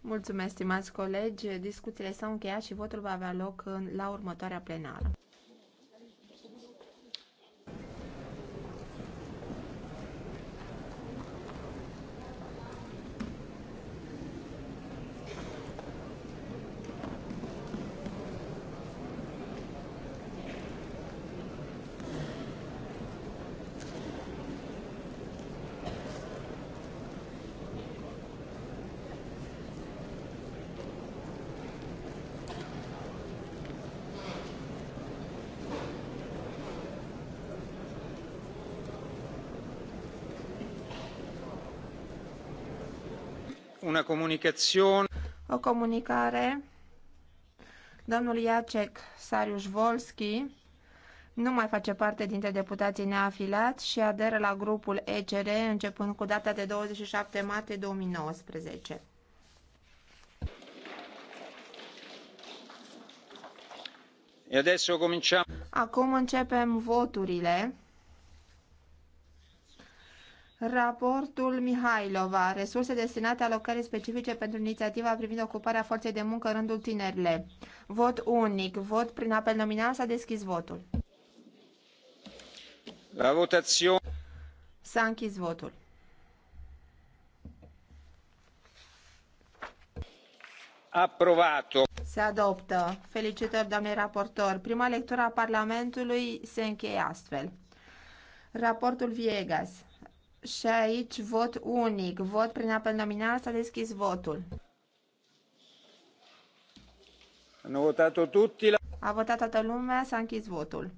Mulțumesc, stimați colegi. Discuțiile s-au încheiat și votul va avea loc în, la următoarea plenară. O comunicare. Domnul Iacek Sariusz-Volski nu mai face parte dintre deputații neafilați și aderă la grupul ECR începând cu data de 27 martie 2019. Acum începem voturile. Raportul Mihailova, resurse destinate alocării specifice pentru inițiativa privind ocuparea forței de muncă în rândul tinerile. Vot unic, vot prin apel nominal, s-a deschis votul. La votațion. S-a închis votul. Aprovato. Se adoptă. Felicitări, doamne raportor. Prima lectură a Parlamentului se încheie astfel. Raportul Viegas. Și aici vot unic, vot prin apel nominal, s-a deschis votul. Hanno votato tutti la... A votat toată lumea, s-a închis votul.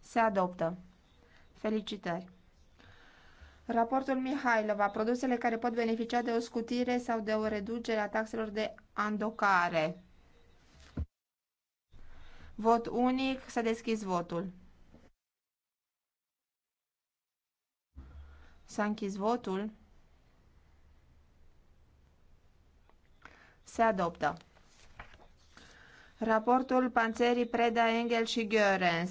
Se adoptă. Felicitări! Raportul Mihailova, produsele care pot beneficia de o scutire sau de o reducere a taxelor de andocare. Vot unic, s-a deschis votul. S-a închis votul. Se adoptă. Raportul Panțerii Preda, Engel și Görens.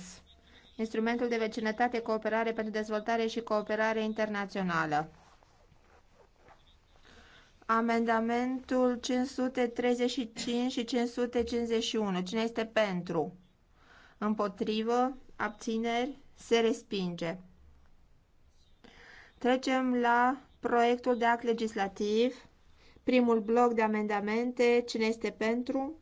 Instrumentul de vecinătate, cooperare pentru dezvoltare și cooperare internațională. Amendamentul 535 și 551. Cine este pentru? Împotrivă? Abțineri? Se respinge. Trecem la proiectul de act legislativ, primul bloc de amendamente, cine este pentru,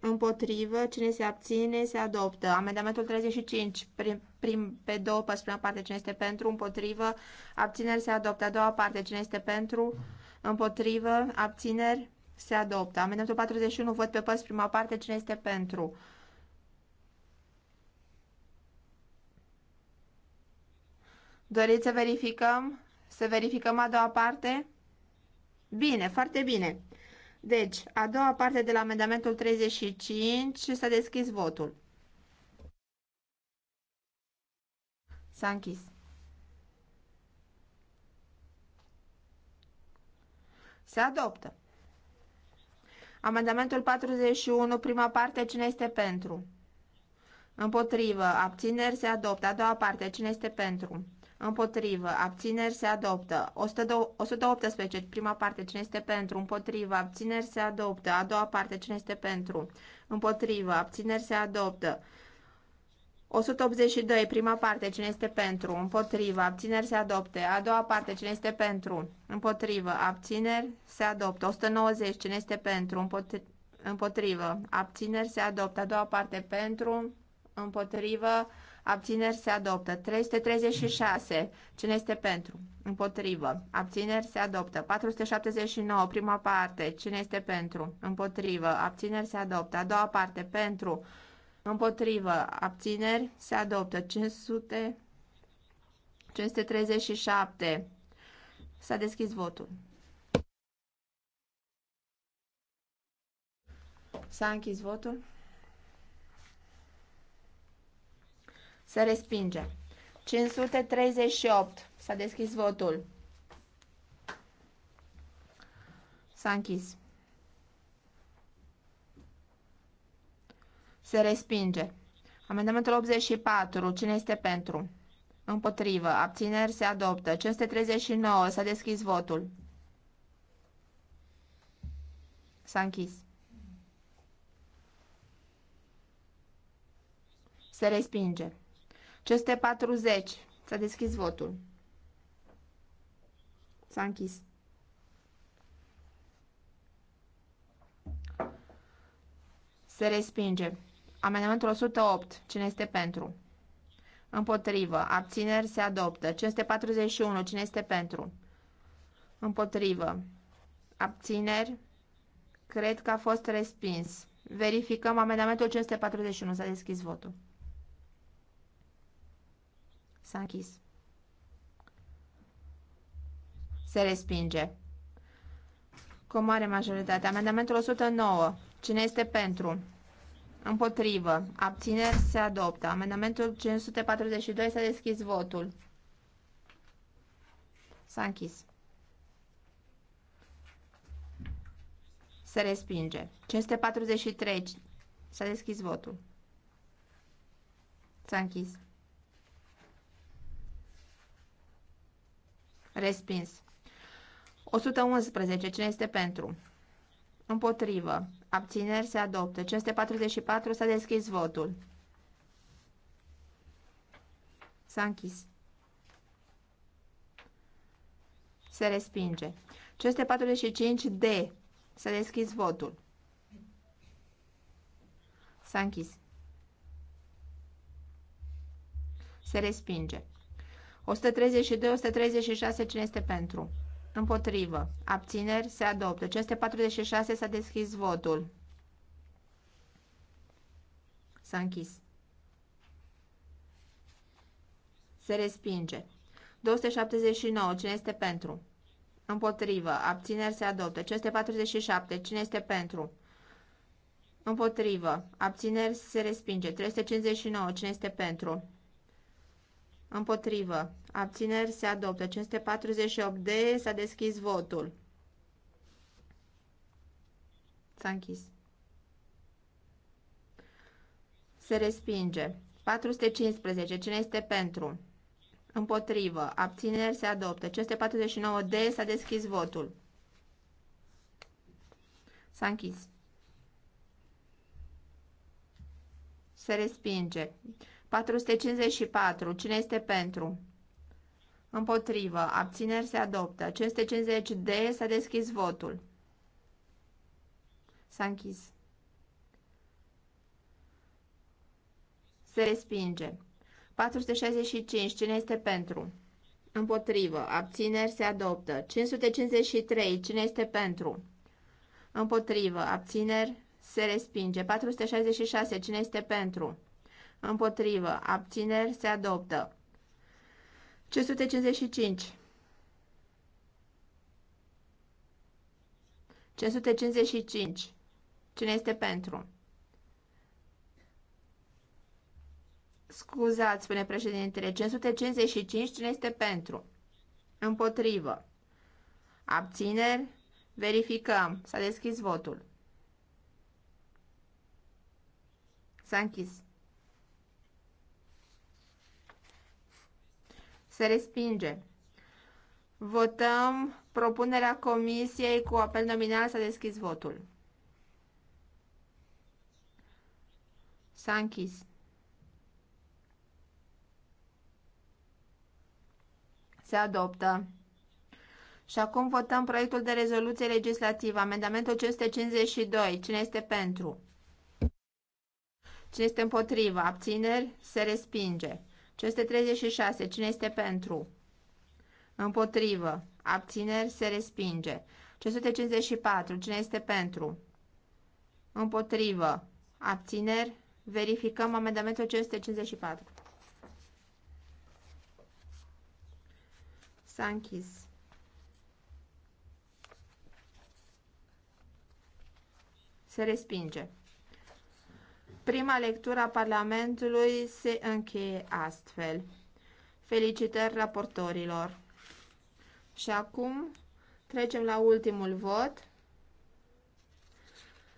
împotrivă, cine se abține, se adoptă. Amendamentul 35, prim, prim, pe două părți, prima parte, cine este pentru, împotrivă, abțineri, se adoptă. A doua parte, cine este pentru, împotrivă, abțineri, se adoptă. Amendamentul 41, văd pe părți, prima parte, cine este pentru, Doriți să verificăm? Să verificăm a doua parte? Bine, foarte bine. Deci, a doua parte de la amendamentul 35 s-a deschis votul. S-a închis. Se adoptă. Amendamentul 41, prima parte, cine este pentru? Împotrivă, abțineri, se adoptă. A doua parte, cine este pentru? Împotrivă. Abțineri se adoptă. 118. Prima parte. Cine este pentru? Împotrivă. Abțineri se adoptă. A doua parte. Cine este pentru? Împotrivă. Abțineri se adoptă. 182. Prima parte. Cine este pentru? Împotrivă. Abțineri se adopte. A doua parte. Cine este pentru? Împotrivă. Abțineri se adoptă. 190. Cine este pentru? Împotrivă. Abțineri se adoptă. A doua parte. Pentru. Împotrivă. Abțineri se adoptă. 336. Cine este pentru? Împotrivă. Abțineri se adoptă. 479. Prima parte. Cine este pentru? Împotrivă. Abțineri se adoptă. A doua parte. Pentru. Împotrivă. Abțineri se adoptă. 500. 537. S-a deschis votul. S-a închis votul. Se respinge. 538. S-a deschis votul. S-a închis. Se respinge. Amendamentul 84. Cine este pentru? Împotrivă. Abțineri se adoptă. 539. S-a deschis votul. S-a închis. Se respinge. 540. S-a deschis votul. S-a închis. Se respinge. Amendamentul 108. Cine este pentru? Împotrivă. Abțineri se adoptă. 541. Cine este pentru? Împotrivă. Abțineri. Cred că a fost respins. Verificăm amendamentul 541. S-a deschis votul. S-a închis. Se respinge. Cu o mare majoritate. Amendamentul 109. Cine este pentru? Împotrivă. Abțineri se adoptă. Amendamentul 542 s-a deschis votul. S-a închis. Se respinge. 543 s-a deschis votul. S-a închis. Respins. 111. Cine este pentru? Împotrivă. Abțineri se adoptă. 544. S-a deschis votul. S-a închis. Se respinge. 545 D. S-a deschis votul. S-a închis. Se respinge. 132, 136, cine este pentru? Împotrivă. Abțineri se adoptă. 546 s-a deschis votul. S-a închis. Se respinge. 279. Cine este pentru? Împotrivă. Abțineri se adoptă. 547. Cine este pentru? Împotrivă. Abțineri se respinge. 359. Cine este pentru? Împotrivă. Abțineri se adoptă. 548D s-a deschis votul. S-a închis. Se respinge. 415. Cine este pentru? Împotrivă. Abțineri se adoptă. 549D s-a deschis votul. S-a închis. Se respinge. 454. Cine este pentru? Împotrivă. Abțineri se adoptă. 550D. S-a deschis votul. S-a închis. Se respinge. 465. Cine este pentru? Împotrivă. Abțineri se adoptă. 553. Cine este pentru? Împotrivă. Abțineri se respinge. 466. Cine este pentru? Împotrivă. Abțineri se adoptă. 555. 555. Cine este pentru? Scuzați, spune președintele. 555. Cine este pentru? Împotrivă. Abțineri. Verificăm. S-a deschis votul. S-a închis. Se respinge. Votăm propunerea comisiei cu apel nominal să deschis votul. S-a închis. Se adoptă. Și acum votăm proiectul de rezoluție legislativă, amendamentul 552. Cine este pentru? Cine este împotrivă? Abțineri? Se respinge. 536. Cine este pentru? Împotrivă. Abțineri se respinge. 554. Cine este pentru? Împotrivă. Abțineri. Verificăm amendamentul 554. S-a închis. Se respinge. Prima lectură a Parlamentului se încheie astfel. Felicitări raportorilor! Și acum trecem la ultimul vot.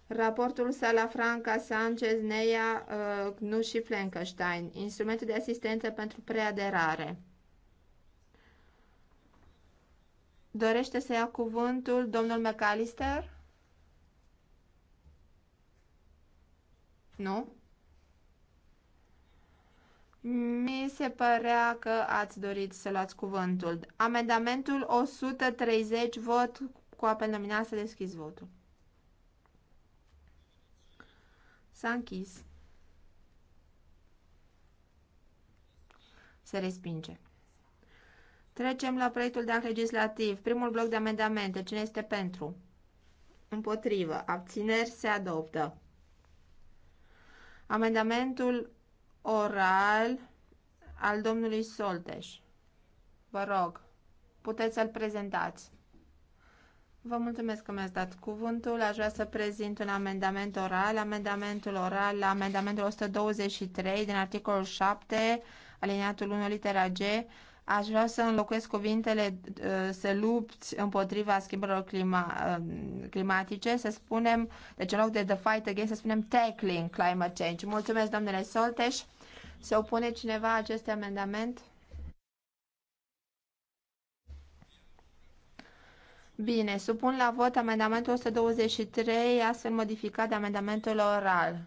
Raportul Sala Franca Sanchez Neia uh, Gnu și Flankenstein, Instrumentul de asistență pentru preaderare. Dorește să ia cuvântul domnul McAllister? nu? Mi se părea că ați dorit să luați cuvântul. Amendamentul 130, vot cu apel nominal, să deschizi votul. S-a închis. Se respinge. Trecem la proiectul de act legislativ. Primul bloc de amendamente. Cine este pentru? Împotrivă. Abțineri se adoptă. Amendamentul oral al domnului Solteș. Vă rog, puteți să-l prezentați. Vă mulțumesc că mi-ați dat cuvântul. Aș vrea să prezint un amendament oral. Amendamentul oral la amendamentul 123 din articolul 7, aliniatul 1, litera G, Aș vrea să înlocuiesc cuvintele uh, să lupți împotriva schimbărilor clima, uh, climatice, să spunem, deci în loc de the fight against, să spunem tackling climate change. Mulțumesc, domnule Solteș. Se opune cineva acest amendament? Bine, supun la vot amendamentul 123, astfel modificat de amendamentul oral,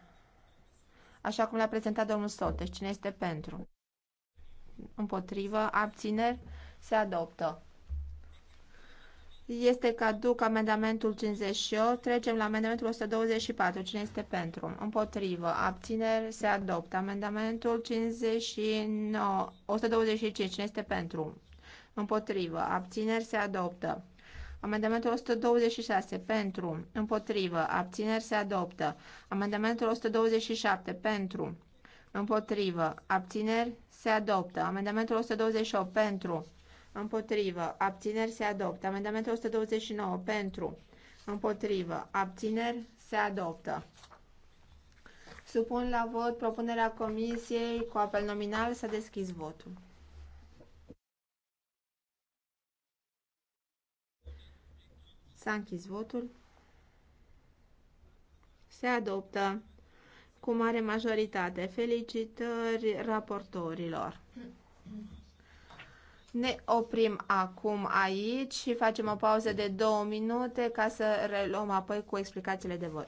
așa cum l-a prezentat domnul Solteș. Cine este pentru? împotrivă, abțineri, se adoptă. Este caduc amendamentul 58. Trecem la amendamentul 124. Cine este pentru? Împotrivă. Abțineri. Se adoptă. Amendamentul 59. 125. Cine este pentru? Împotrivă. Abțineri. Se adoptă. Amendamentul 126. Pentru. Împotrivă. Abțineri. Se adoptă. Amendamentul 127. Pentru. Împotrivă. Abțineri se adoptă. Amendamentul 128 pentru, împotrivă, abțineri se adoptă. Amendamentul 129 pentru, împotrivă, abțineri se adoptă. Supun la vot propunerea comisiei cu apel nominal să deschis votul. S-a închis votul. Se adoptă cu mare majoritate. Felicitări raportorilor! Ne oprim acum aici și facem o pauză de două minute ca să reluăm apoi cu explicațiile de vot.